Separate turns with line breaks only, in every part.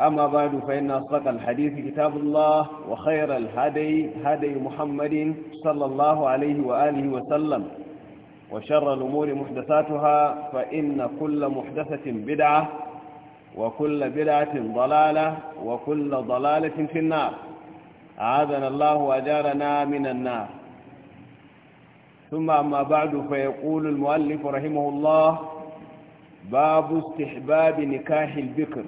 أما بعد فإن أصدق الحديث كتاب الله وخير الهدي هدي محمد صلى الله عليه وآله وسلم وشر الأمور محدثاتها فإن كل محدثة بدعة وكل بدعة ضلالة وكل ضلالة في النار أعاذنا الله وأجارنا من النار ثم أما بعد فيقول المؤلف رحمه الله باب استحباب نكاح البكر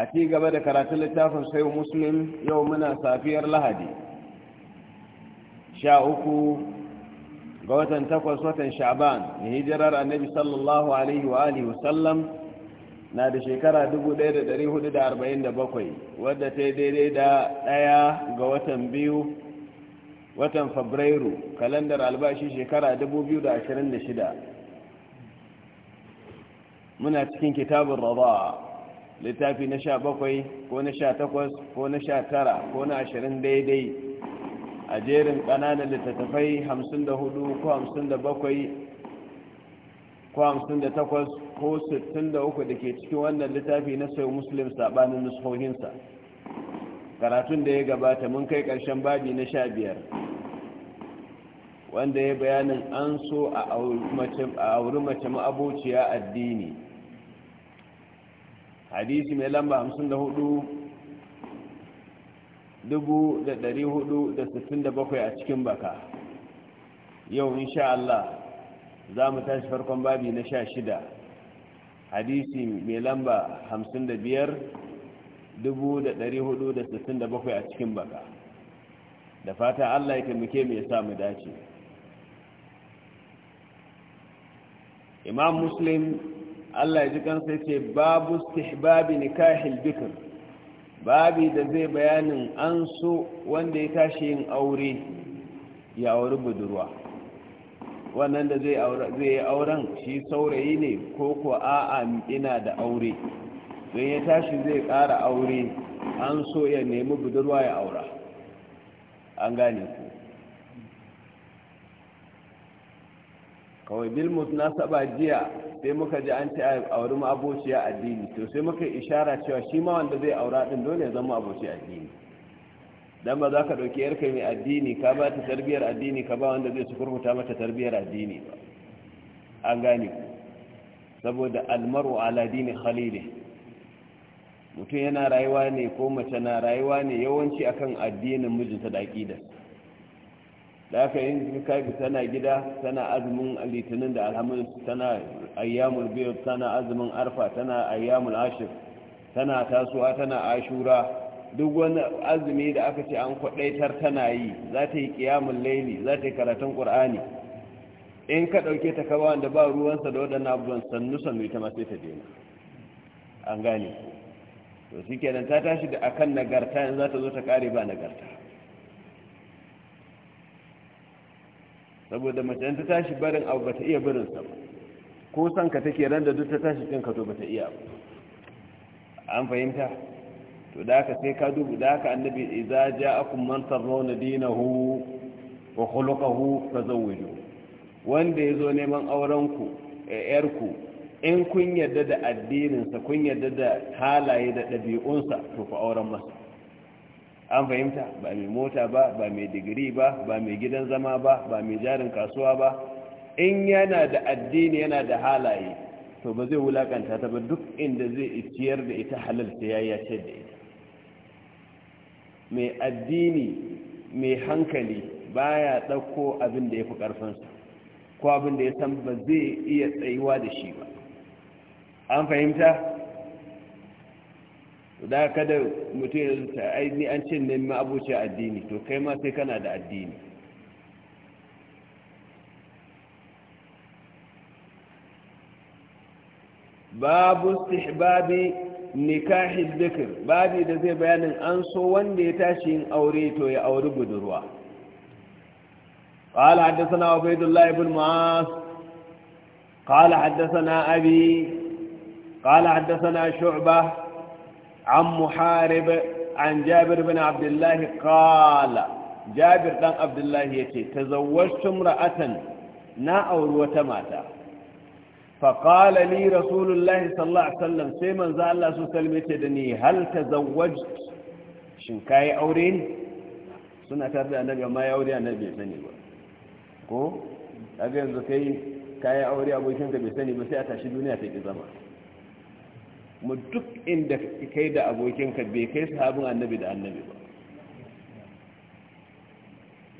a ci gaba da karatun littafin sai muslim yau muna safiyar lahadi sha uku ga watan takwas watan sha'ban hijirar annabi sallallahu alaihi wa alihi wasallam na da shekara 1447 wadda ta yi daidai da ɗaya ga watan biyu watan fabrairu kalandar albashi shekara 2026 muna cikin kitabun raba'a littafi na sha bakwai ko na sha takwas ko na sha tara ko na ashirin daidai a jerin ƙananan littattafai hamsin da hudu ko hamsin da bakwai ko hamsin da takwas ko sittin da uku da ke cikin wannan littafi na sayo musulun saɓanin nusohinsa karatun da ya gabata mun kai ƙarshen babi na sha biyar wanda ya bayanin an so a auri mace ma'abociya addini hadisi mai lamba 54,467 a cikin baka yau insha Allah za mu tashi farkon babi na sha shida hadisi mai lamba 55,467 a cikin baka da fata Allah ya taimake mai sa mu dace imam muslim Allah ya ji kansa ce babu istihbabi nikahil bikr babi da zai bayanin an so wanda ya tashi yin aure ya auri budurwa wannan da zai yi auren shi saurayi ne ko ko a'a ina da aure don ya tashi zai ƙara aure an so ya nemi budurwa ya aura an gane ku kawai na saba jiya sai muka ji an ce a wuri abociya addini to sai muka ishara cewa shi ma wanda zai aura din dole ya zama aboci addini dan ba za ka dauki yarka mai addini ka ba ta tarbiyar addini ka ba wanda zai sukurkuta mata tarbiyar addini ba an gane ku saboda almaru ala dini khalili mutum yana rayuwa ne ko mace na rayuwa ne yawanci akan addinin mijinta da aqidarsa da aka yin kafi tana gida tana azumin litinin da alhamis tana ayyamul biyu tana azumin arfa tana ayyamul ashir tana tasuwa tana ashura duk wani azumi da aka ce an kwadaitar tana yi za ta yi kiyamun laili za ta yi karatun ƙur'ani in ka ɗauke ta kawo wanda ba ruwansa da waɗannan abubuwan sannu sannu ita masu ita ta an gane to shi kenan ta tashi da akan nagarta yanzu za ta zo ta kare ba nagarta saboda mace ta tashi barin abu bata iya barin sa ko san ka take ran da duk ta tashi cin ka to bata iya ba an fahimta to da haka sai ka dubu da haka annabi idza ja'akum man tarawna dinahu wa khuluquhu fazawwiju wanda yazo neman auren ku yar eh, ku in kun yarda da addininsa kun yarda da halaye da ɗabi'unsa to fa auren masa an fahimta ba mai mota ba ba mai digiri ba ba mai gidan zama ba ba mai jarin kasuwa ba in yana da addini yana da halaye to ba zai wulakanta ta ba duk inda zai ciyar da ita halal ta yaya ce da ita mai addini mai hankali baya ɗauko abin da ya fi ƙarfinsa ko abin da ya san ba zai iya tsayuwa da shi ba an fahimta da kada mutum ya zuta aini an ce ne ma abuce addini to kai ma sai kana da addini babu istihbabi nikahi dhikr babi da zai bayanin an so wanda ya tashi yin aure to ya auri budurwa قال حدثنا عبيد الله بن معاذ قال حدثنا أبي قال حدثنا شعبة عن محارب عن جابر بن عبد الله قال جابر بن عبد الله يتي تزوجت امرأة نا أول وتماتا فقال لي رسول الله صلى الله عليه وسلم سيما زال الله صلى الله عليه وسلم هل تزوجت شنكاي أورين suna tare da annabi amma ya aure annabi bai sani ba ko daga yanzu kai kayan aure abokinka bai sani ba sai a tashi duniya ta ki zama mu duk inda kai da abokinka bai kai sahabin annabi da annabi ba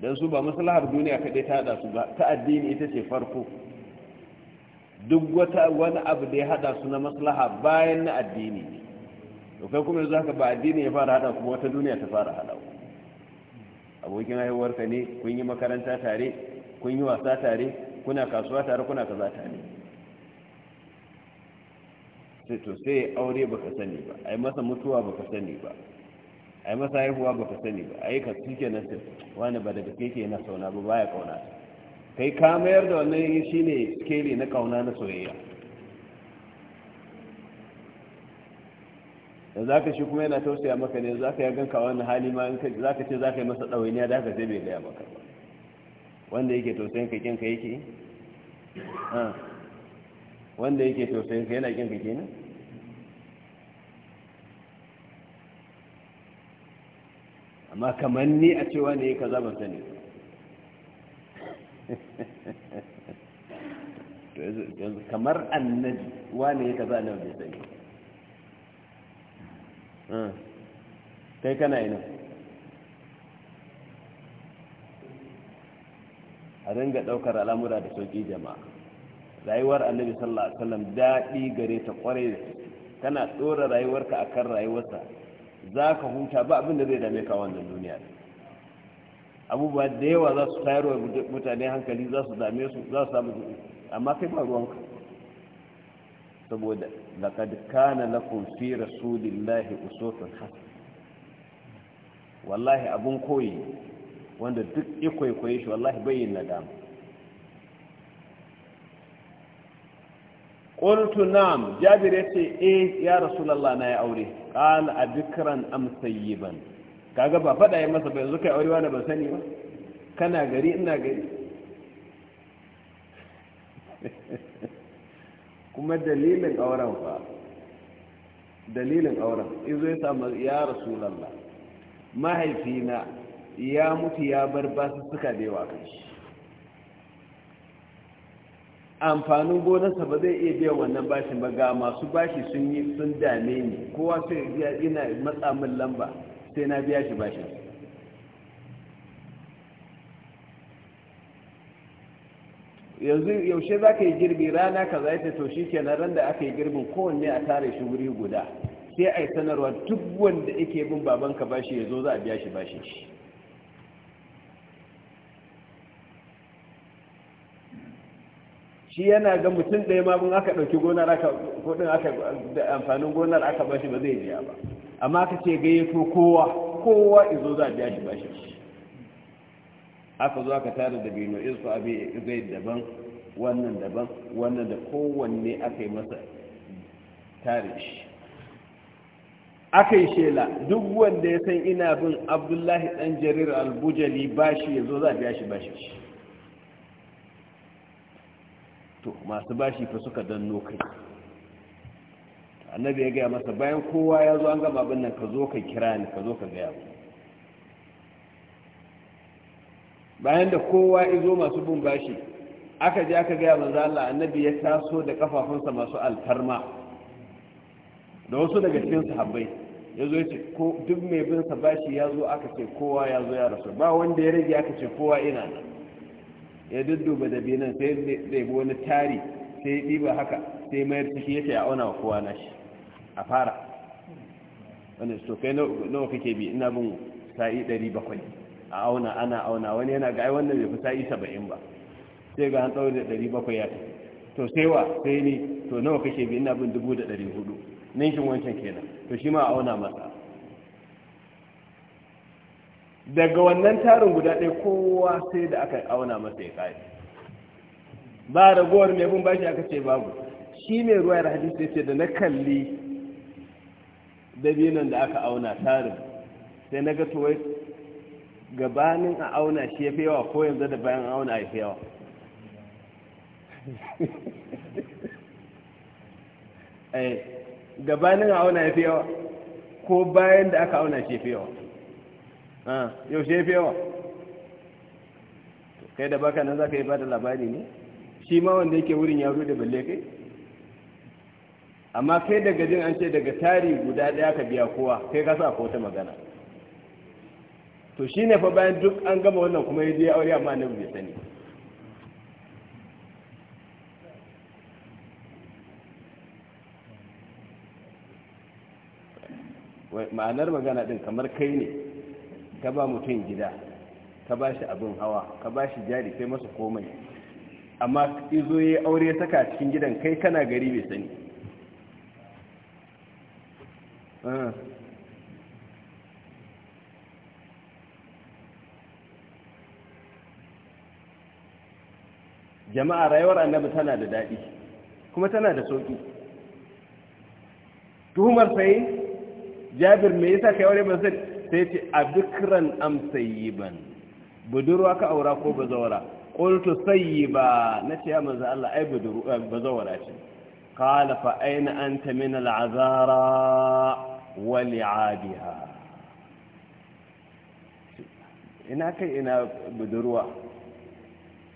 don su ba maslahar duniya kaɗai ta haɗa su ba ta addini ita ce farko duk wata wani abu da ya haɗa su na maslaha bayan na addini ne to kai kuma yanzu haka ba addini ya fara haɗa kuma wata duniya ta fara haɗa abokin haihuwarka ne kun yi makaranta tare kun yi wasa tare kuna kasuwa tare kuna kaza tare sai to sai aure baka sani ba ai masa mutuwa baka sani ba ai masa haihuwa baka sani ba ai ka suke na sai wani ba daga keke na sauna ba baya kauna kai ka mayar da wannan shi ne skeli na kauna na soyayya da za ka shi kuma yana tausaya maka ne za ka ganka wani hali ma za ka ce za ka yi masa ɗawainiya da haka zai bai gaya maka wanda yake tausayin kakin ka yake ah. wanda yake tausayin ka yana kin ka kenan amma kamar ni a cewa ne ka zama sani kamar annabi wane ya kaza na bai sani hmm. kai kana ina a ringa daukar al'amura da sauki jama'a rayuwar annabi sallallahu alaihi wasallam daɗi gare ta kwarai kana tsora rayuwarka akan rayuwarsa za ka huta ba abin da zai dame ka wannan duniya abubuwa da yawa za su tayarwa mutane hankali za su dame su za su samu amma kai ba ruwanka saboda laqad kana lakum fi rasulillahi uswatun hasana wallahi abun koyi wanda duk ikwaikwaye shi wallahi bayyin nadama qultu na'am jabir yace eh ya rasulullah na ya aure qala abikran am sayyiban kaga ba fada yi masa ba yanzu kai aure wani ban sani ba kana gari ina gari kuma dalilin auren fa dalilin auren izo ya samu ya rasulullah mahaifina ya mutu ya bar basu suka da yawa kai amfanin gonarsa ba zai iya biyan wannan bashin ba ga masu bashi sun yi sun dame ni kowa sai ina matsa min lamba sai na biya shi bashin yanzu yaushe za ka yi girbi rana ka za ta toshi kenan ran da aka yi girbin kowanne a tare shi wuri guda sai a yi sanarwa duk wanda ake bin babanka bashi ya zo za a biya shi bashin shi shi yana ga mutum ɗaya ma bin aka ɗauki gonar aka kuɗin aka da amfanin gonar aka bashi ba zai biya ba amma aka ce gayyato kowa kowa izo za a biya shi bashi aka zo aka tare da bino isu abi zai daban wannan daban wannan da kowanne aka yi masa tare shi aka yi shela duk wanda ya san ina bin abdullahi dan jarir al-bujali bashi ya zo za a biya shi bashi to masu bashi fa suka danno kai annabi ya gaya masa bayan kowa ya zo an gama abin nan ka zo ka kira ni ka zo ka gaya mu bayan da kowa izo masu bin bashi aka je aka gaya manzo Allah annabi ya taso da kafafunsa masu alfarma da wasu daga cikin sahabbai ya zo ya ce duk mai bin sa bashi ya zo aka ce kowa ya zo ya rasu ba wanda ya rage aka ce kowa ina nan ya dudduba da binan sai ɗaibi wani tari sai ya ɗiba haka sai mayar ciki ya ce a auna wa kowa na shi a fara wani so kai nawa kake bi ina bin sa'i 700 a auna ana auna wani yana ga ai wannan bai fi sa'i 70 ba sai ga an tsawon da 700 ya tafi to sai wa sai ni to nawa kake bi ina bin nan ninkin wancan kenan to shi ma a auna masa daga wannan tarin guda ɗaya kowa sai da aka auna masa ya ƙari ba ragowar mai bin bashi aka ce babu shi mai ruwa da hadisi ce da na kalli dabinan da aka auna tarin sai na ga tuwai gabanin a auna shi ya fi yawa ko yanzu da bayan auna ya fi yawa eh, gabanin a auna ya fi yawa ko bayan da aka auna shi ya fi yawa yaushe ya fi yawa kai da baka nan za ka yi ba labari ne shi ma wanda yake wurin ya da balle kai amma kai daga jin an ce daga tari guda daya ka biya kowa kai ka sa ko magana to shi ne fa bayan duk an gama wannan kuma ya je aure amma annabi bai sani ma'anar magana din kamar kai ne ka ba mutum gida ka ba shi abin hawa ka ba shi jari kai masa komai amma izo ya aure saka cikin gidan kai kana gari bai sani ah. jama'a rayuwar annabi tana da daɗi kuma tana da sauƙi tuhumar sai jabir me yasa kai aure ba sai sai ce a bikiran ban, budurwa ka aura ko bazawara ba na ce ya maza Allah ai budurwa eh, bazawara ce Kala fa aina ta min al'azara wa li'abiha ina kai ina budurwa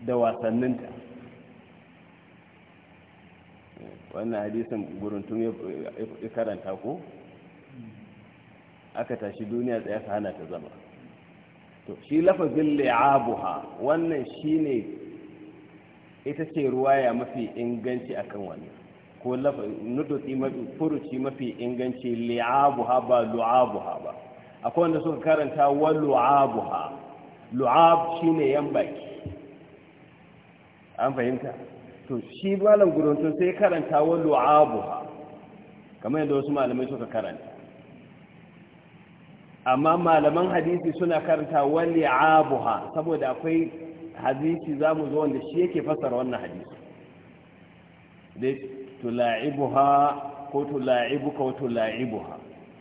da wasanninta wannan hadisin guruntun ya karanta ko aka tashi duniya tsaye ka hana ta zama to shi lafazin li'abuha wannan shine ita ce ruwaya mafi inganci akan wannan ko mafi furuci mafi inganci li'abuha ba lu'abuha ba akwai wanda suka karanta wa lu'abuha lu'ab shine yan baki an fahimta to shi malam gurutun sai karanta wa lu'abuha kamar yadda wasu malamai suka karanta amma malaman hadisi suna karanta wali abuha saboda akwai hadisi za mu zo wanda shi yake fasara wannan hadisi dai tula'ibuha ko tula'ibuka wa tula'ibuha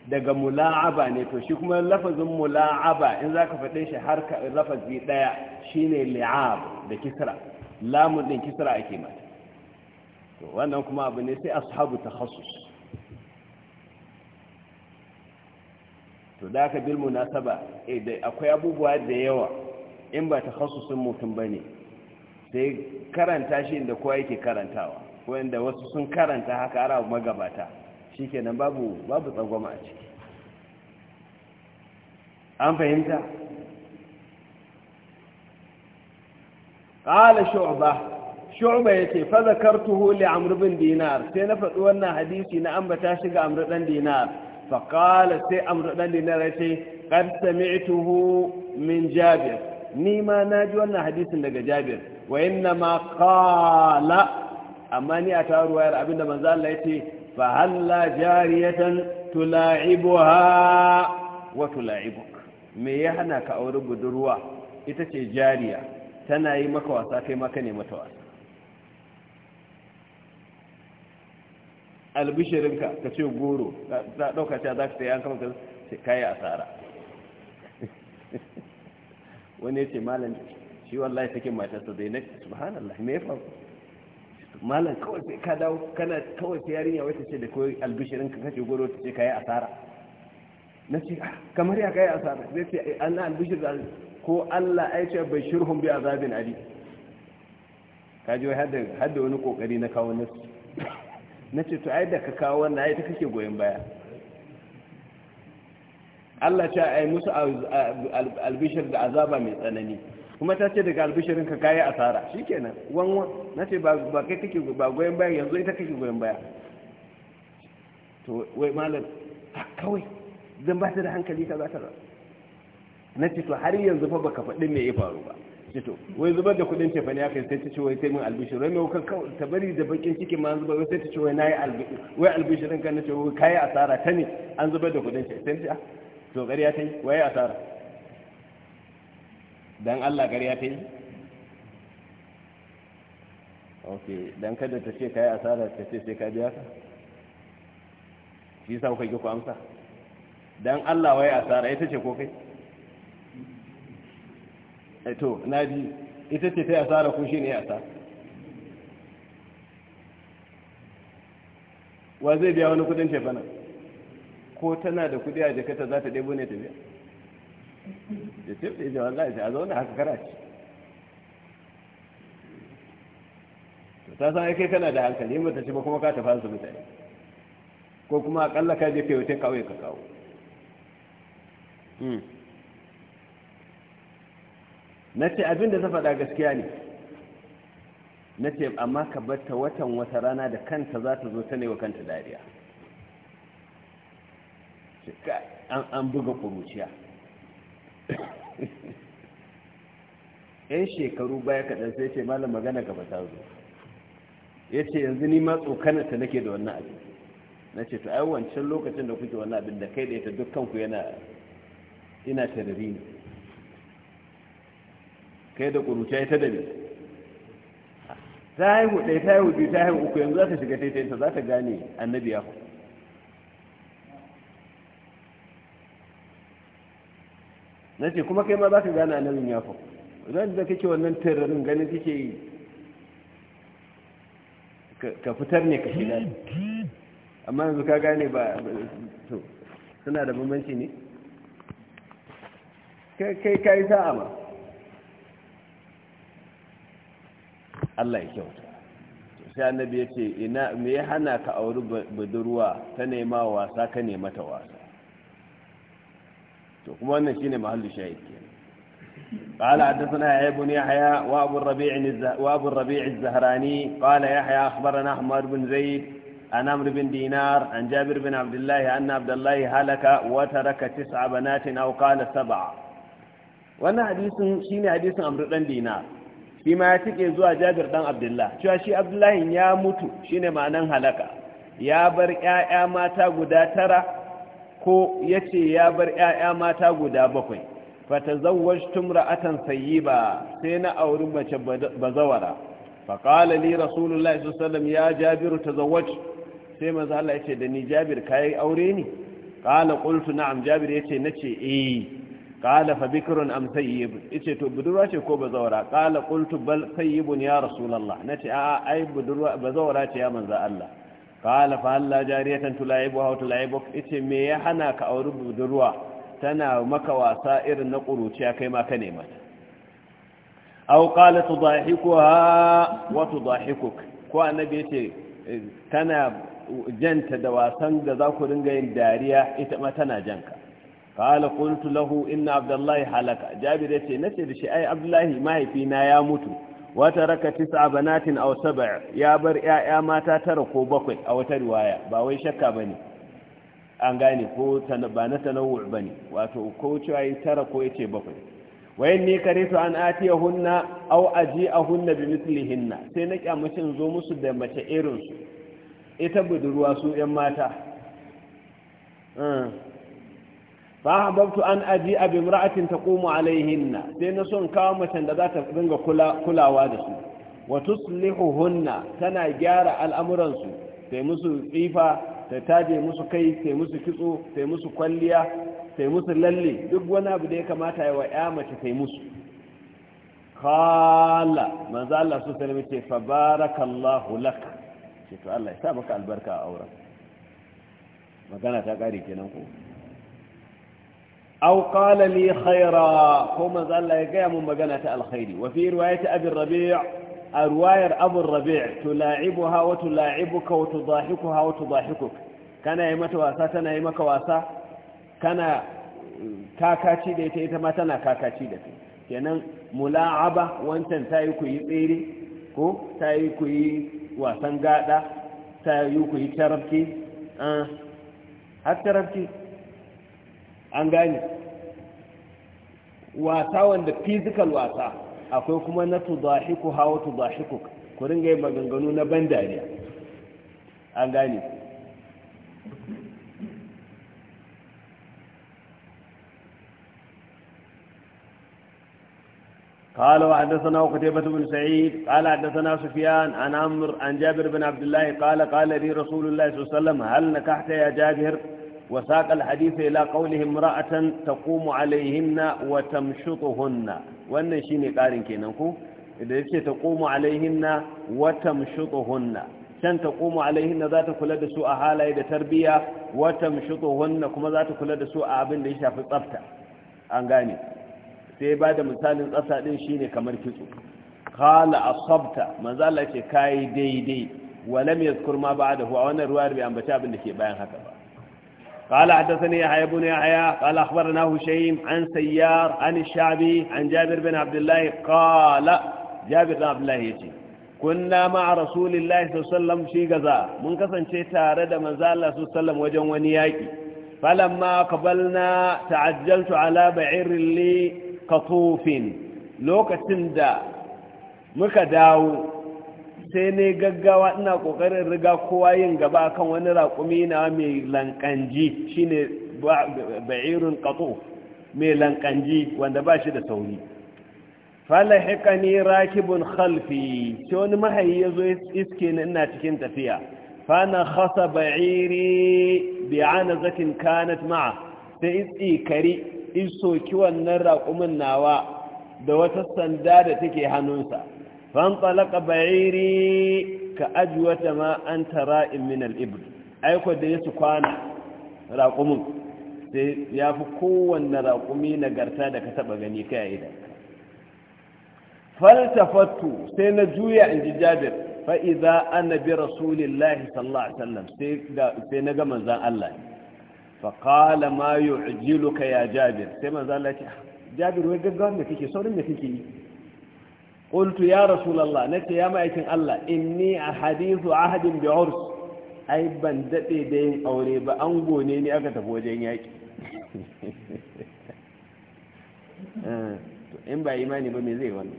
daga mula'aba ne to shi kuma lafazin mula'aba in za ka faɗe shi har ka lafazi ɗaya shi ne li'ab da kisra lamun ɗin kisra ake mata wannan kuma abu ne sai ashabu ta to da aka bil munasaba eh, akwai abubuwa da yawa in ba ta takhassusin mutum bane sai karanta shi inda kowa yake karantawa ko inda wasu sun karanta haka ara magabata shikenan babu babu tsangwama a ciki an fahimta qala shu'ba shu'ba yace fa zakartuhu li amr dinar sai na faɗi wannan hadisi na ambata shi ga amr dinar faƙala sai amru ɗan dinar ya ce kan sami'tuhu min jabir ni ma na ji wannan hadisin daga jabir wa inna ma qala amma ni a ruwayar abinda manzo Allah ya ce fa halla jariyatan tula'ibuha wa tula'ibuk me ya hana ka auri budurwa ita ce jariya tana yi maka wasa kai maka ne mata wasa albishirinka ka ce goro za ɗauka cewa za ka ta yi an kama ka ce kayi asara wani ya ce malam shi wallahi take matarsa zai na subhanallah me ya faru malam kawai sai ka dawo kana kawai sai yarinya wai ce da koyi albishirinka ka ce goro ta ce kayi asara na ce ah, kamar ya kayi asara zai ce eh, an na albishir da ko Allah ai ce bai shirhun bi azabin ali ji wai hadda wani kokari na kawo nasu na ce to ai da ka kawo wannan ai ta kake goyon baya Allah ce ai musu albishir da azaba mai tsanani kuma ta ce daga albishirin ka kayi asara shikenan wanwan na ce ba kai kake ba goyon baya yanzu ita kake goyon baya to wai malam kawai zan ba ta da hankali ka za ta na ce to har yanzu fa baka faɗi me ya faru ba to wai zubar da kudin tefani aka yi sai ta ce wai sai min albishir wai mai ta bari da bakin ciki ma zubar wai sai ta ce wai yi albishir wai albishirin kan nace wai yi asara ta ne an zubar da kudin ce. sai ta ah, to gariya ta yi wai asara dan Allah gariya ta yi ok dan kada ta ce yi asara ta ce sai ka biya ka shi sa kuka yi ku amsa dan Allah wai asara ita ce ko kai Eh, to na bi ita ce ta asara ko shi ne ya sa wa zai biya wani kudin tefana ko tana da kudi a jakata za ta ɗebo ne ta biya da ce ɗaya jawon za a zaune haka kara ce ta sa kai kana da hankali mata ci ba kuma ka tafi su mutane ko kuma akalla ka je kai wuce kawai ka kawo hmm. na ce abin da ta faɗa gaskiya ne na ce amma ka batta watan wata rana da kanta za ta zo ta ne wa kanta dariya an buga ƙuruciya yan shekaru baya kaɗan sai ce malam magana gaba ta zo ya ce yanzu ni ma tsokanarta nake da wannan abin na ce ta ayi wancan lokacin da kuke wannan abin da kai da ita dukkanku yana ina tarari ne kai da ƙuruciya ta dabe ta haihu ɗaya ta haihu biyu ta haihu uku yanzu za ta shiga taitayinta za ta gane annabi ya na ce kuma kai ma za ka gane annabin ya idan da kake wannan tirarin ganin kake yi ka fitar ne ka shiga amma yanzu ka gane ba suna da bambanci ne kai kai sa'a ma Allah ya kyauta sai annabi ya ce ina me ya hana ka auri budurwa ta nema wasa ka nema ta wasa to kuma wannan shine mahallu shahid kenan قال حدثنا يحيى بن يحيى وابو الربيع وابو الربيع الزهراني قال يحيى اخبرنا احمد بن زيد عن عمرو بن دينار عن جابر بن عبد الله ان عبد الله هلك وترك تسع بنات او قال سبع وانا حديث شيني حديث عمرو بن دينار shi ma ya tike zuwa jabir dan abdullah cewa shi abdullahi ya mutu shine ma'anan halaka ya bar ƴaƴa mata guda tara ko yace ya bar ƴaƴa mata guda bakwai fatazawwajtu imra'atan sayyiba sai na auri mace bazawara faqala li rasulullahi sallallahu alaihi wasallam ya jabir tazawwaj sai manzo Allah yace da ni jabir kai aure ne qala qultu na'am jabir yace nace eh qala fa bikrun am tayyib yace to budurwa ce ko bazawara qala qultu bal tayyibun ya rasulullah nace a ai budurwa bazawara ce ya manzo Allah qala fa alla jariyatan tulaibu wa tulaibu yace me ya hana ka auri budurwa tana maka wasa irin na kuruciya kai ma ka nema ta. aw qala tudahikuha wa tudahikuk ko annabi yace eh, tana janta da wasan da za ku ringa yin dariya ita ma tana janka qala qultu lahu inna abdullahi halaka jabir yace nace da shi ai abdullahi mahaifina ya mutu wata taraka tis'a banatin aw sab'a ya bar 'ya'ya mata tara ko bakwai a wata riwaya ba wai shakka bane an gane ko ba na tanawwu bane wato ko cewa tara ko yace bakwai wa inni karitu an atiyahunna aw aji'ahunna bi mithlihinna sai na kyamashin zo musu da mace irin su ita budurwa su 'yan mata hmm. fa ahbabtu an aji bi ta kuma alaihinna sai na son kawo macen da za ta dinga kulawa da su wa hunna tana gyara al'amuransu, sai musu tsifa ta taje musu kai sai musu kitso sai musu kwalliya sai musu lalle duk wani abu da ya kamata ya wa ya mace sai musu kala manzo Allah su sallame ce fa barakallahu ce Allah ya sa maka albarka a auren magana ta kare kenan ku. أو قال لي خيرا قوم الله يقيم مقالة الخير وفي رواية أبي الربيع رواية أبو الربيع تلاعبها وتلاعبك وتضاحكها وتضاحكك كان يمت واسا تنا يمك واسا كان كاكاتي ديت إتما تنا كاكاتي ديت kenan mula'aba wancan ta yi ku yi tsere ko ta yi ku yi wasan gada ta yi ku yi tarafki har tarafki an gane wasa wanda physical wasa akwai kuma na tudahiku hawa tudahiku ku ringa yin maganganu na ban dariya an gane قال وحدثنا قتيبة بن سعيد قال حدثنا سفيان عن عمرو عن جابر بن عبد الله قال قال لي رسول الله صلى الله عليه وسلم هل نكحت يا جابر وساق الحديث إلى قوله امرأة تقوم عليهن وتمشطهن وأن شيني قارن كينانكو إذا يبشي تقوم عليهن وتمشطهن شان تقوم عليهن ذات كل سوء حالة إذا تربية وتمشطهن كما ذات كل سوء عبن ليش في الطفتة أنغاني sai ba da misalin ƙasa ɗin shine kamar kitso kala asabta manzo Allah ce kai daidai walam yazkur ma ba'dahu a wannan ruwayar bai ambaci abin da ke bayan haka ba قال حدثني يحيى بن يحيى قال أخبرنا هشيم عن سيار عن الشعبي عن جابر بن عبد الله قال جابر بن عبد الله يجي كنا مع رسول الله صلى الله عليه وسلم في غزا من كسن شيء تارد من زال الله صلى الله عليه وسلم وجن ونياكي فلما قبلنا تعجلت على بعير لي قطوف لوكتن دا muka dawo sai ne gaggawa ina kokarin riga kowa yin gaba kan wani raƙumi na mai lankanji shine ba'irin qatu mai lankanji wanda ba shi da sauri falahikani rakibun khalfi sai wani mahayi ya iske ni ina cikin tafiya fana khasa ba'iri bi anazatin kanat ma'a sai kari itsikari isoki wannan raƙumin nawa da wata sanda da take hannunsa fanfalaka ba'iri ka ajiwata ma an tara min al'ibir aiko da ya su kwana raƙumin sai ya fi kowanne raƙumi nagarta da ka taɓa gani ka yi da faltafattu sai na juya in ji jabir fa'iza annabi rasulillahi sallallahu alaihi wasallam sai na ga manzan Allah faƙala ma yi ujiluka ya jabir sai manzan Allah ce jabir wai gaggawa me kake saurin me kake yi qultu ya rasulullah nace ya ma'aikin Allah inni ahadithu ahadin bi ai ban dade da yin aure ba an gone ne aka tafi wajen yaki in ba imani ba me zai wannan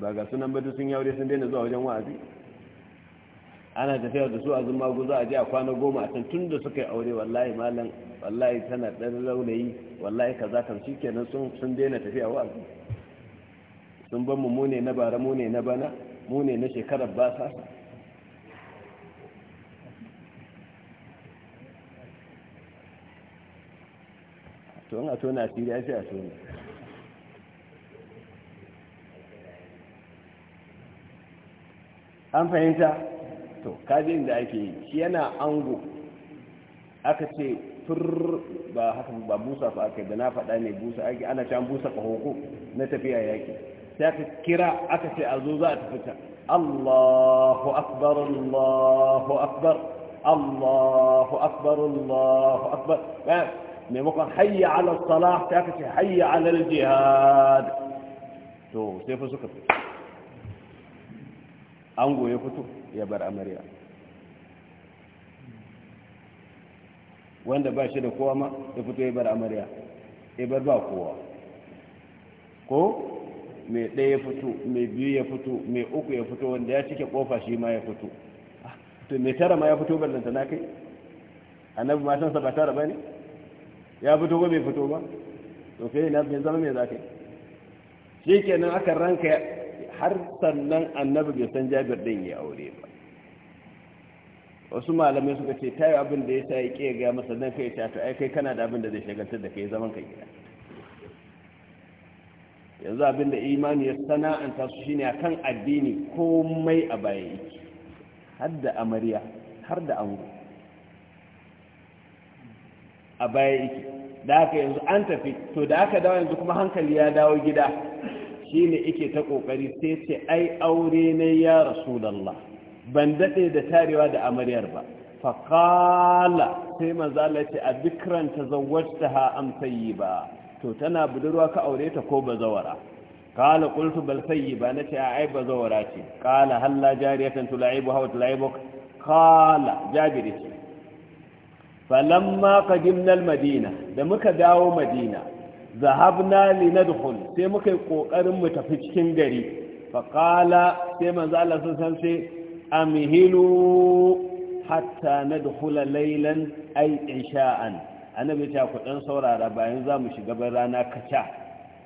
ba ga sunan batu sun yi sun daina zuwa wajen wa'azi ana tafiya da su a zuma guza a kwana goma a can tun suka yi aure wallahi malam wallahi tana ɗan launayi wallahi kaza kan shi kenan sun daina tafiya wa'azi sun ban mu mune na bara mune na bana mune na shekarar ba sa to a tona asiri ai sai a tona an fahimta to kajin inda ake yi shi yana ango aka ce tur ba haka ba busa fa aka da na faɗa ne busa ake ana can busa ƙaho na tafiya yaƙi sai aka kira aka ce a zo za a tafi can Allahu akbar Allahu akbar Allahu akbar Allahu akbar maimakon hayya ala salah sai aka ce hayya ala jihad to sai fa suka fi an goye fito ya bar amarya wanda ba shi da kowa ma ya fito ya bar amarya ya bar ba kowa ko mai ɗaya ya fito mai biyu ya fito mai uku ya fito wanda ya cike kofa shi ma ya fito ah, to mai tara ma ya fito ballanta na kai annabi ma san sa ba tara bane ya fito ba bai fito ba to kai na bai zama mai zakai shikenan aka ranka har sannan annabi bai san Jabir din ya aure ba wasu malamai suka ce tayi abin da sa ya ke ga masa dan kai ta to ai kai kana da abin da zai shagaltar da kai zaman kai gida yanzu da imani ya sana'anta su shine kan addini komai a baya yake har da amarya har da ango a baya yake da haka yanzu an tafi to da aka dawa yanzu kuma hankali ya dawo gida shine ike ta kokari sai ce ai aure ne ya rasu rasulullah ban daɗe da tarewa da amaryar ba faqala sai manzo Allah ya ce a bikran tazawwajtaha am ba. to tana budurwa ka aure ta ko bazawara Kala qultu bal ba nace ai bazawara ce qala halla jariyatan tulaibu hawa tulaibuk qala jabiri ce falamma qadimna al madina da muka dawo madina zahabna linadkhul sai muka yi kokarin mu tafi cikin gari fa qala sai manzo Allah sun san sai amhilu hatta nadkhula laylan ay isha'an annabi ya ku dan saurara bayan za mu shiga ban rana kaca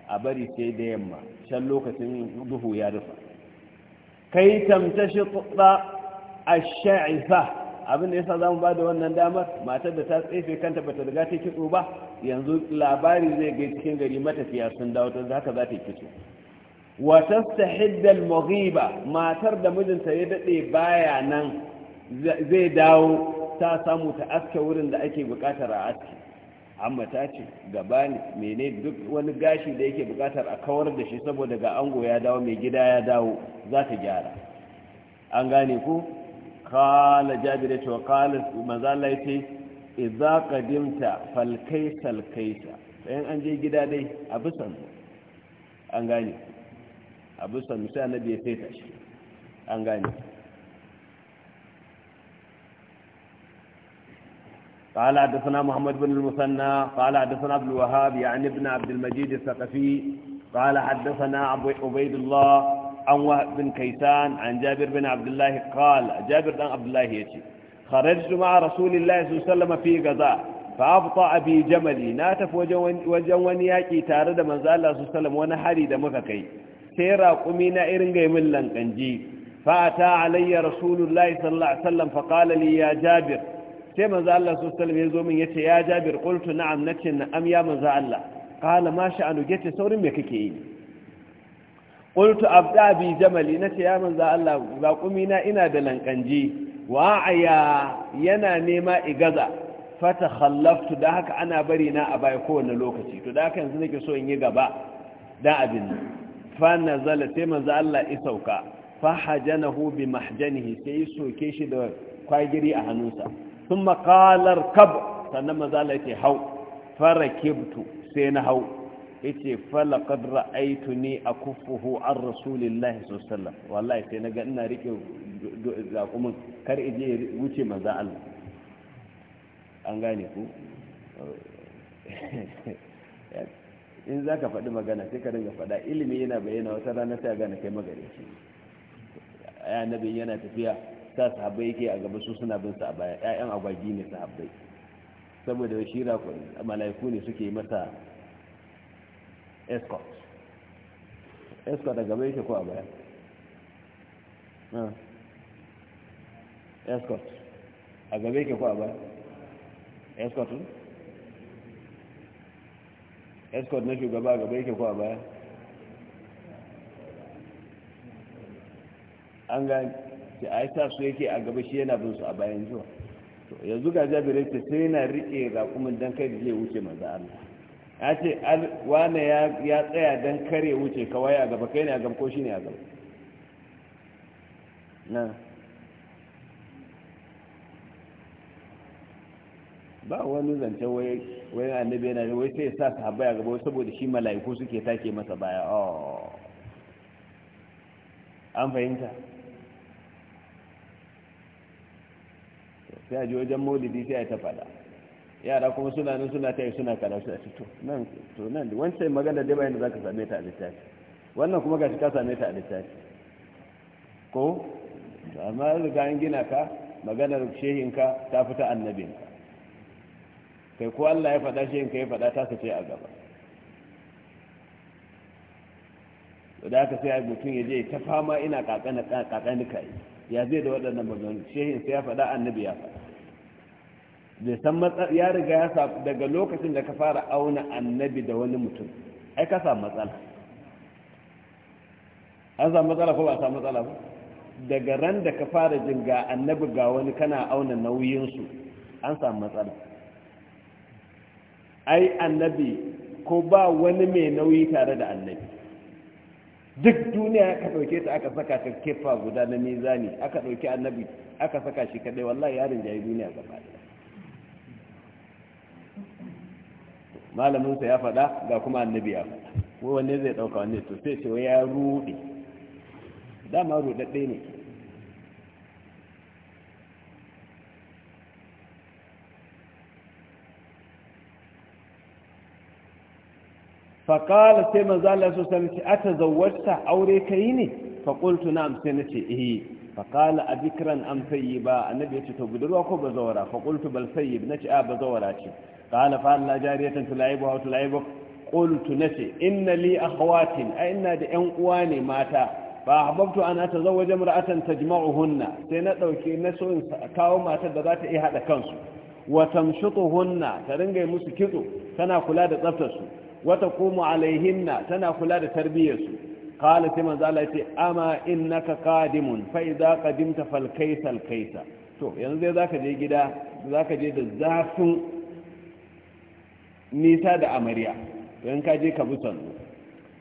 a bari sai da yamma can lokacin duhu ya rufa kai tamtashi qutba ash-sha'ifa abin da yasa zamu bada wannan damar matar da ta tsefe kanta bata riga ta kitso ba yanzu labari zai gai cikin gari matafiya sun dawo ta haka za ta kitso wa tastahidda al-maghiba matar da mijinta ya dade baya nan zai dawo ta samu ta aske wurin da ake bukatar a aske amma ta ce gaba ne mene duk wani gashi da yake bukatar a kawar da shi saboda ga ango ya dawo mai gida ya dawo za ta gyara an gane ku kala jabi da cewa kala mazala ya ce iza kadimta falkai salkaita sayan an je gida dai a bisan an gane a bisan musa na biya sai ta shi an gane قال حدثنا محمد بن المثنى قال حدثنا عبد الوهاب يعني ابن عبد المجيد الثقفي قال حدثنا أبو عبيد الله عن وهب بن كيسان عن جابر بن عبد الله قال جابر بن عبد الله يجي خرجت مع رسول الله صلى الله عليه وسلم في غزاء فأبطأ بي جملي ناتف وجوان ياكي تارد من زال الله صلى الله عليه وسلم ونحري دمككي سيرا قمينا إرنجي من لنقنجي فأتى علي رسول الله صلى الله عليه وسلم فقال لي يا جابر sai manzo Allah sallallahu alaihi wasallam ya min yace ya Jabir qultu na'am nace na'am ya manzo Allah qala ma sha'anu yace saurin me kake yi qultu abda bi jamali nace ya manzo Allah zaqumi na ina da lankanji wa aya yana nema igaza fata khallaftu da haka ana bari na a bai kowane lokaci to da haka yanzu nake so in yi gaba da abin fa nazala sai manzo Allah isauka fa hajanahu bi mahjanihi sai soke shi da kwagiri a hannunsa sun makalar kab sannan mazala ce hau fara kibtu sai na hau ya ce falakad ra'aitu ne a kufuhu an rasulillahi sosallam wallahi sai na ga ina rike zakumin kar ije wuce maza Allah an gane ku in za ka faɗi magana sai ka dinga faɗa ilimi yana bayyana wata rana ta gane kai magare shi ya nabi yana tafiya sa sahabbai yake a gaba su suna bin sa a baya ƴaƴan agwagi ne sahabbai saboda shi raƙon malaiku ne suke masa escort escort a gaba yake ko a baya ah. escort a gaba yake ko a baya escort escort na shugaba a gaba yake ko a baya an gani ce a ta su yake a gaba shi yana bin su a bayan zuwa yanzu ga jabir ce sai yana rike raƙumin dan kai da zai wuce manzo Allah a ce wane ya tsaya dan kare wuce kawai a gaba kai ne a gaba ko shi ne a gaba na ba wani zance wai annabi yana wai sai ya sa sahabbai a gaba saboda shi mala'iku suke take masa baya oh. an fahimta sai a ji wajen maulidi sai a ta fada yara kuma suna nan suna yi suna karatu a cikin nan to nan wancan magana dai bayan da zaka same ta a littafi wannan kuma shi ka same ta a littafi ko amma ga an gina ka maganar shehinka ta fita ka. kai ko Allah ya shehin ka ya fada ta sace a gaba da haka sai mutum ya je ta fama ina kakanika yi ya zai da waɗannan maganganu shehin sai ya faɗa annabi ya faɗa bai san matsala? ya riga ya daga lokacin da ka fara auna annabi da wani mutum ai ka samu matsala an samu matsala ko ba a samu matsala ba daga ran da ka fara jin ga annabi ga wani kana auna nauyinsu an samu matsala ai annabi ko ba wani mai nauyi tare da annabi duk duniya aka ɗauke ta aka saka ta kefa guda na mizani aka ɗauki annabi aka saka shi kaɗai wallahi yarin jayi duniya gaba ɗaya malaminsa ya faɗa ga kuma annabi ya faɗa wanne zai ɗauka wanne to sai ce ya ruɗe dama ruɗaɗɗe ne faƙala sai manzo Allah su sami ce ata zawwajta aure kai ne faƙultu na amsa na ce eh faƙala a bikiran amsayi ba annabi ya ce to budurwa ko bazawara faƙultu bal sayyib na ce a bazawara ce ƙala fa Allah jariyatan tulaibu wa tulaibu qultu na ce inna li akhawatin ai ina da ƴan uwa ne mata fa ahbabtu an sai na ɗauke na so in kawo matar da za ta iya haɗa kansu wa tamshutuhunna ta ringa musu kitso tana kula da tsaftar su wata komo alaihinna tana kula da tarbiyyarsu kala sai manzo Allah ce ama innaka qadimun fa idza qadimta fal kaysal kaysa to yanzu dai zaka je gida zaka je da zafin nisa da amarya in ka je ka bi sannu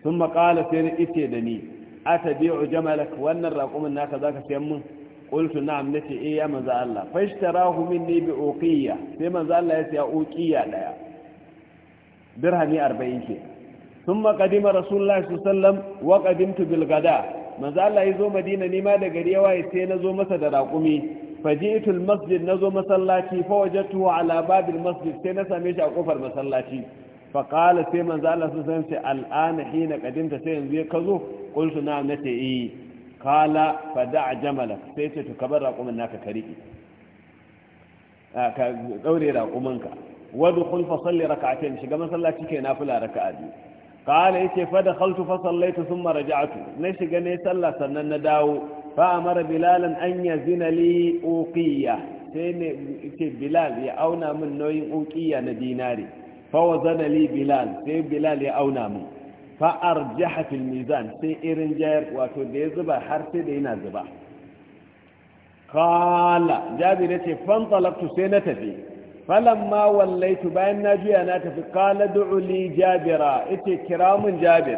sun maƙala sai ice da ni a tabi'u jamalak wannan raƙumin naka zaka sayan mun qultu na'am nace eh ya manzo Allah fashtarahu minni bi uqiyya sai manzo Allah ya saya uqiyya daya dirhami arba'in ke sun makadima rasulullah su sallam wa kadimtu bilgada manzo Allah ya zo madina nima da gari yawa ya sai na masa da raƙumi faji'tu almasjid nazo masallaci fa wajatu ala babil masjid sai na same shi a kofar masallaci fa qala sai manzo Allah su san sai al'ana hina kadimta sai yanzu ya kazo qultu na nace eh qala fa da' jamala sai ce to kabar raƙumin naka ka rike ka daure ka Wadu fa salli rak'atayn shiga masallaci ke nafila raka'a biyu qala yace fa dakhaltu fa sun thumma raja'tu na shiga ne sallah sannan na dawo fa amara bilalan an yazina li uqiyya sai ne yace bilal ya auna min nauyin uqiyya na dinari fa wazana li bilal sai bilal ya auna min fa arjaha fil mizan sai irin jayar wato da ya zuba har sai da yana zuba qala jabir yace fan talaqtu sai na tafi falamma wallaitu bayan na juya na tafi kala du'u jabira Ita kira mun jabir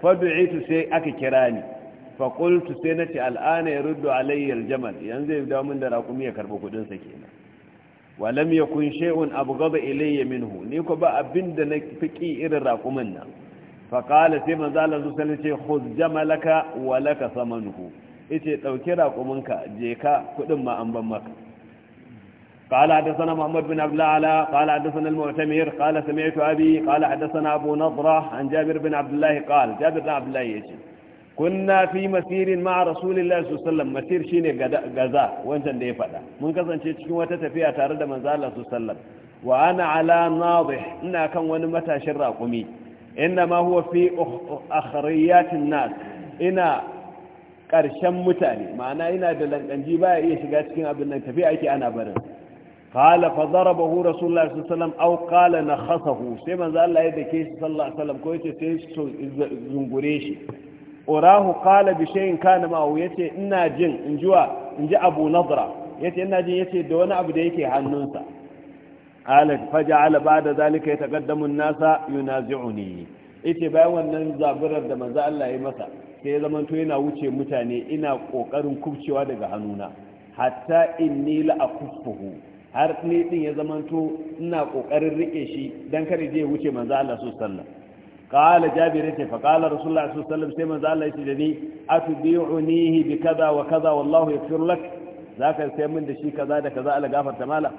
fadu'itu sai aka kira ni fa sai sai nace al'ana ya alayya alayyar jamal yanzu ya dawo mun da raƙumi ya karbi kudin sa kenan wa lam yakun abu gaba ilayya minhu ni ko ba abinda na ƙi irin raƙumin nan fa sai maza Allah sallallahu alaihi wasallam ce khudh jamalaka wa laka samanuhu ite dauki raƙuminka je ka kuɗin ma an ban maka قال حدثنا محمد بن عبد الاعلى قال حدثنا المعتمر قال سمعت أبي قال حدثنا أبو نضرة عن جابر بن عبد الله قال جابر بن عبد الله يجي كنا في مسير مع رسول الله صلى الله عليه وسلم مسير شيني غزا وانتن دي من kasance cikin wata tafiya tare da manzo Allah sallallahu alaihi wasallam wa ana ina kan wani matashin raƙumi inma huwa fi akhriyatin nas ina karshen mutane ma'ana ina da lankanji baya iya shiga cikin abin nan tafiya ake ana barin قال فضربه رسول الله صلى الله عليه وسلم او قال نخصه sai manzo Allah ya dake shi sallallahu alaihi wasallam ko yace sai so zungure shi urahu qala bi shay'in kana ma yace ina jin injuwa inji abu nadra yace ina jin yace da wani abu da yake hannunsa qala faja'ala ba'da zalika yataqaddamu an-nasa yunazi'uni yace bayan wannan zaburar da manzo Allah ya masa sai ya zamanto yana wuce mutane ina kokarin kubcewa daga hannuna hatta inni la akufuhu har ne din ya zamanto ina kokarin rike shi dan kare je wuce manzo Allah su sallam qala jabir yace fa qala rasulullah su sallam sai manzo Allah yace da ni atbi'unihi bi kaza wa kaza wallahu yaghfir lak zaka sai min da shi kaza da kaza Allah gafarta mala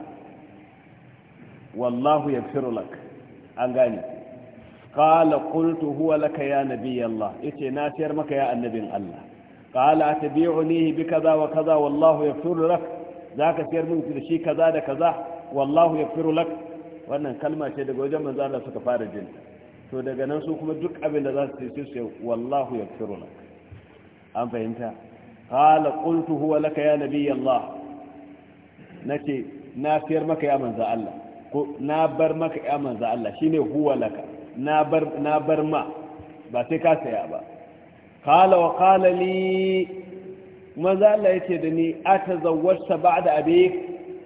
wallahu yaghfir lak an gane qala qultu huwa laka ya nabiy Allah yace na ciyar maka ya annabin Allah qala atbi'unihi bi kaza wa kaza wallahu yaghfir lak za ka siyar min da shi kaza da kaza wallahu ya firu lak wannan kalma ce daga wajen manzo Allah suka fara jin to daga nan su kuma duk abin da za su sai su wallahu ya firu lak an fahimta qala qultu huwa laka ya nabiy Allah nace na siyar maka ya manzo Allah ko na bar maka ya manzo Allah shine huwa laka na bar na bar ma ba sai ka saya ba qala wa qala li kuma za Allah da ni a ta zawarsa ba da abe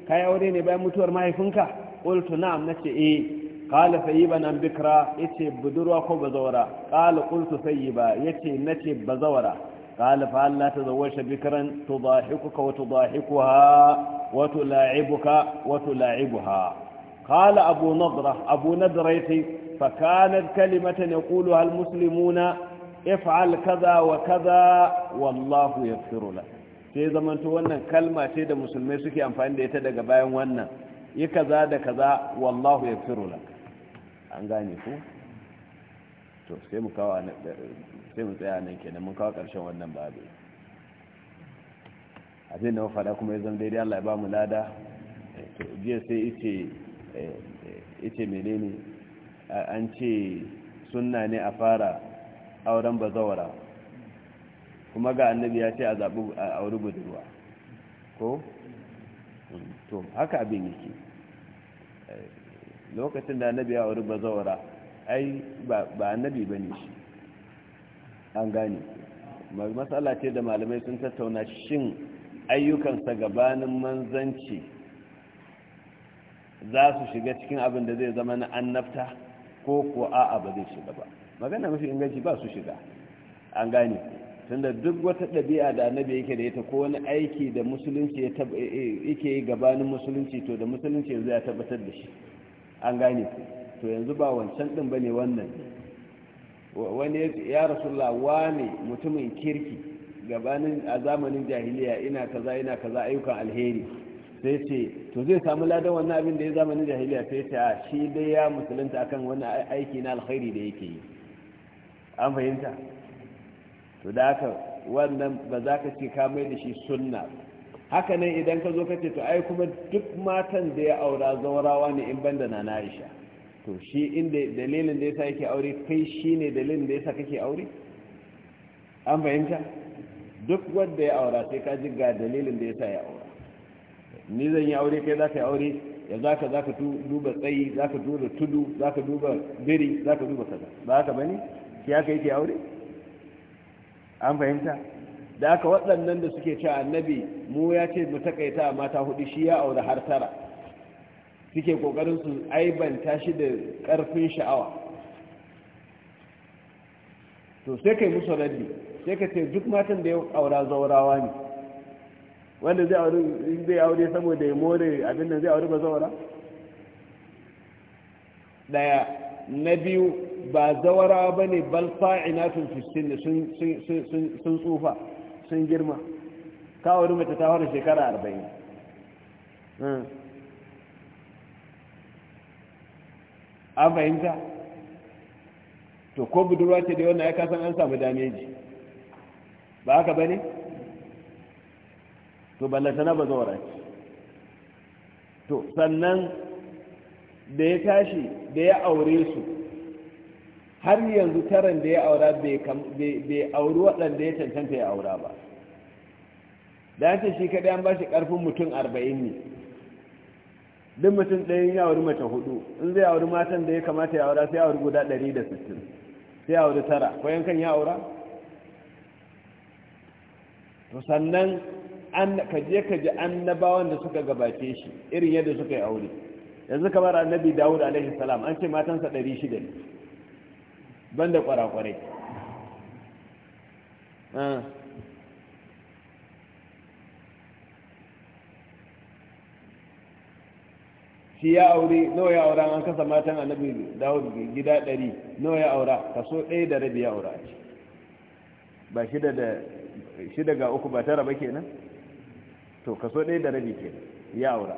ka yi aure ne bayan mutuwar mahaifinka ƙultu na amna ce e eh. ƙala sayi ba nan bikira ya budurwa ko ba zaura ƙala ƙultu sayi ba yace ce na ce ba zaura ƙala fa Allah ta zawarsa bikiran tu zahiku ka wata zahiku ha wata la'ibu ka wata la'ibu ha ƙala abu nadra abu nadra ya ce fa kanar kalimata ne ƙulu if'al kaza wa kaza wallahu yaghfiru lak sai zaman to wannan kalma ce da musulmai suke amfani da ita daga bayan wannan yi kaza da kaza wallahu yaghfiru lak an gane ku to sai mu kawo sai mu tsaya nan kenan mun kawo karshen wannan babu abin da mafada kuma ya zama daidai Allah ya ba mu lada to jiya sai ice eh, eh, ice menene an ce sunna ne a fara auren bazawara kuma ga annabi ya ce a zaɓi a auri budurwa ko? to haka abin yake lokacin da annabi ya auri bazawara ai ba annabi ba ne shi an gane matsala ce da malamai sun tattauna shin ayyukansa gabanin manzanci za su shiga cikin abin da zai zama na annabta ko ko a'a ba zai shiga ba magana mafi inganci ba su shiga an gane tunda duk wata ɗabi'a da annabi yake da ita ko wani aiki da musulunci eh, eh, yake yi gabanin musulunci to da musulunci yanzu ya tabbatar da shi an gane to yanzu ba wancan ɗin ba ne wannan wani ya rasu lawa ne mutumin kirki gabanin a zamanin jahiliya ina kaza ina kaza ayyukan alheri sai ce to zai samu ladan wannan abin da ya zamanin jahiliya sai ce a shi dai ya musulunta akan wani aiki na alheri da yake yi an fahimta to da haka wannan ba za ka ce ka mai da shi sunna haka nan idan ka zo ka ce to ai kuma duk matan da ya aura zaurawa ne in banda na na'isha to shi inda dalilin da yasa yake aure kai shi ne dalilin da yasa kake aure an fahimta duk wanda ya aura sai ka ji ga dalilin da yasa ya aura ni zan yi aure kai za ka yi aure ya za ka za ka duba tsayi za ka duba tudu za ka duba biri za ka duba kaza ba haka ba ne ya kai ke aure an fahimta da aka waɗannan da suke cewa annabi mu ya ce mu takaita mata hudu shi ya aure har tara suke kokarin su aibanta shi da ƙarfin sha'awa to sai kai musu raddi sai ka ce duk matan da ya aura zaurawa ne wanda zai aure saboda ya more abin nan zai aure ba zaura daya na biyu ba zawara ba ne bal fa'inatun fistin sun tsufa sun girma kawai mace ta wani shekara arba'in hmm. an fahimta to ko budurwa ce da na ya kasan an samu dameji ba haka ba ne? to ballatana ba zawara ce to sannan da ya tashi da ya aure su har yanzu taron da ya aura bai auri waɗanda ya cancanta ya aura ba da ya shi kaɗai an ba shi ƙarfin mutum arba'in ne duk mutum ɗaya ya auri mace hudu in zai auri matan da ya kamata ya aura sai auri guda ɗari da sittin sai auri tara ko kan ya aura to sannan ka je ka ji annabawan da suka gabace shi irin yadda suka yi aure yanzu kamar annabi dawud alaihi salam an ce matansa ɗari shida ne banda kwarakwarai ah. shi ya aure nawa ya aura an kasa matan annabi dawo gida ɗari nawa ya aura kaso ɗaya da rabi ya aura ce ba shida da shida ga uku ba tara ba kenan to kaso ɗaya da rabi kenan ya aura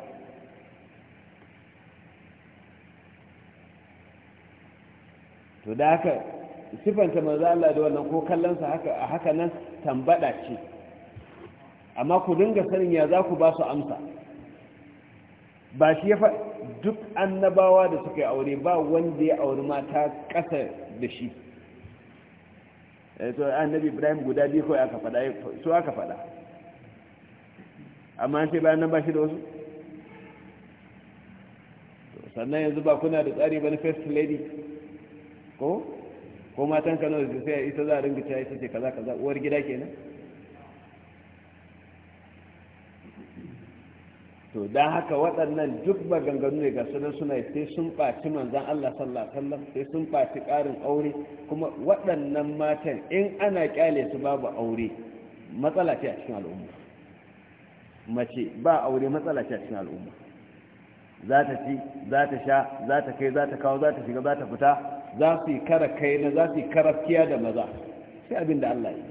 to da haka sifanta manzo Allah da wannan ko kallon sa haka a haka nan tambada ce amma ku dinga sanin ya za ku ba su amsa ba shi ya duk annabawa da suka yi aure ba wanda ya auri mata ƙasa da shi eh, to annabi Ibrahim guda biyu ko aka fada so aka fada amma sai bayan nan ba shi da wasu sannan yanzu ba kuna da tsari ba na first lady ko ko matan kano da sai ita za a ringa ita ce kaza kaza uwar gida kenan to dan haka waɗannan duk ganganu ne ga sunan suna sai sun ɓaci manzan Allah sallallahu alaihi sai sun ɓaci ƙarin aure kuma waɗannan matan in ana kyale su babu aure matsala ce a cikin al'umma mace ba aure matsala ce a cikin al'umma za ta ci za ta sha za ta kai za ta kawo za ta shiga za ta fita za su yi kara kai na za su yi karafiya da maza sai abinda Allah yi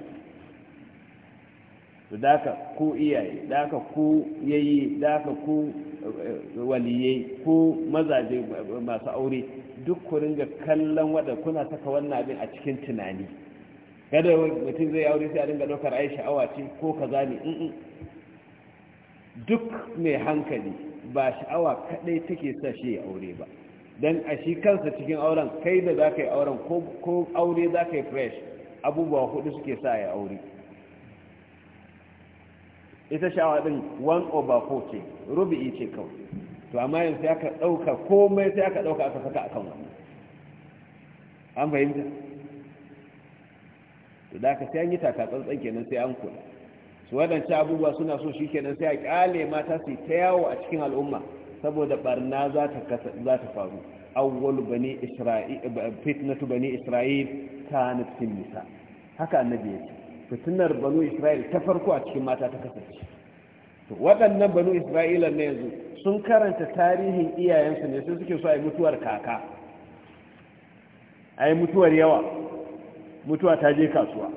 su aka ku iyaye daka ku yayi daka ku eh, waliye ku mazaje masu aure duk ku ringa kallon wadda kuna saka wannan abin a cikin tunani kada mutum zai aure sai a dinga ɗaukar ai sha'awa ce ko kaza ne duk mai hankali ba sha'awa kadai take sa shi ya aure ba don a shi kansa cikin auren kai da za ka yi auren ko aure za ka yi fresh abubuwa hudu suke sa ya aure ita shawa din one over four ce rubi'i ce kawai to amma yanzu sai aka ɗauka komai sai aka ɗauka aka saka akan wani an fahimta to da aka sai an yi takatsantsan kenan sai an kula su waɗancan abubuwa suna so shi kenan sai a ƙyale mata su ta yawo a cikin al'umma saboda barna za ta faru awwalu bani isra'il fitnatu bani isra'il kanat fil nisa haka annabi yace fitnar banu isra'il ta farko a cikin mata ta kasance to waɗannan banu isra'ilan ne yanzu sun karanta tarihin iyayensu ne sai suke so a yi mutuwar kaka a yi mutuwar yawa mutuwa ta je kasuwa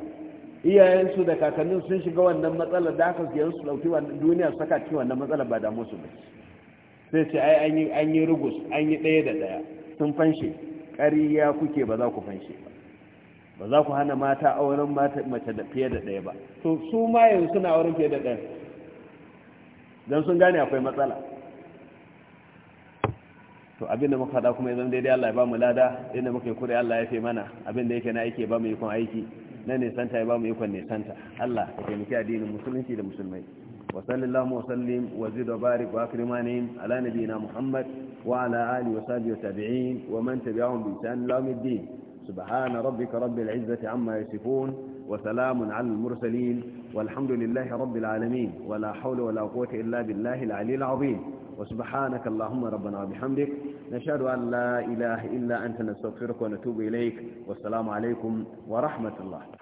iyayensu da kakannin sun shiga wannan matsalar da haka su yanzu su ɗauki duniya su saka cikin wannan matsalar ba damu su ba sai ce ai an yi an yi rugus an yi ɗaya da ɗaya sun fanshe ƙarya kuke ba za ku fanshe ba ba za ku hana mata auren mata mace da fiye da ɗaya ba to su ma yanzu suna auren fiye da ɗaya don sun gane akwai matsala to abinda muka faɗa kuma yanzu daidai Allah ya ba mu lada inda muka yi kure Allah ya fi mana abinda yake na aiki ba mu ikon aiki na nisanta ya ba mu ikon nisanta Allah ya taimaki addinin musulunci da musulmai وصلى اللهم وسلم وزد وبارك واكرمانهم على نبينا محمد وعلى اله وصحبه والتابعين ومن تبعهم بإحسان الى يوم الدين سبحان ربك رب العزه عما يصفون وسلام على المرسلين والحمد لله رب العالمين ولا حول ولا قوه الا بالله العلي العظيم وسبحانك اللهم ربنا وبحمدك نشهد ان لا اله الا انت نستغفرك ونتوب اليك والسلام عليكم ورحمه الله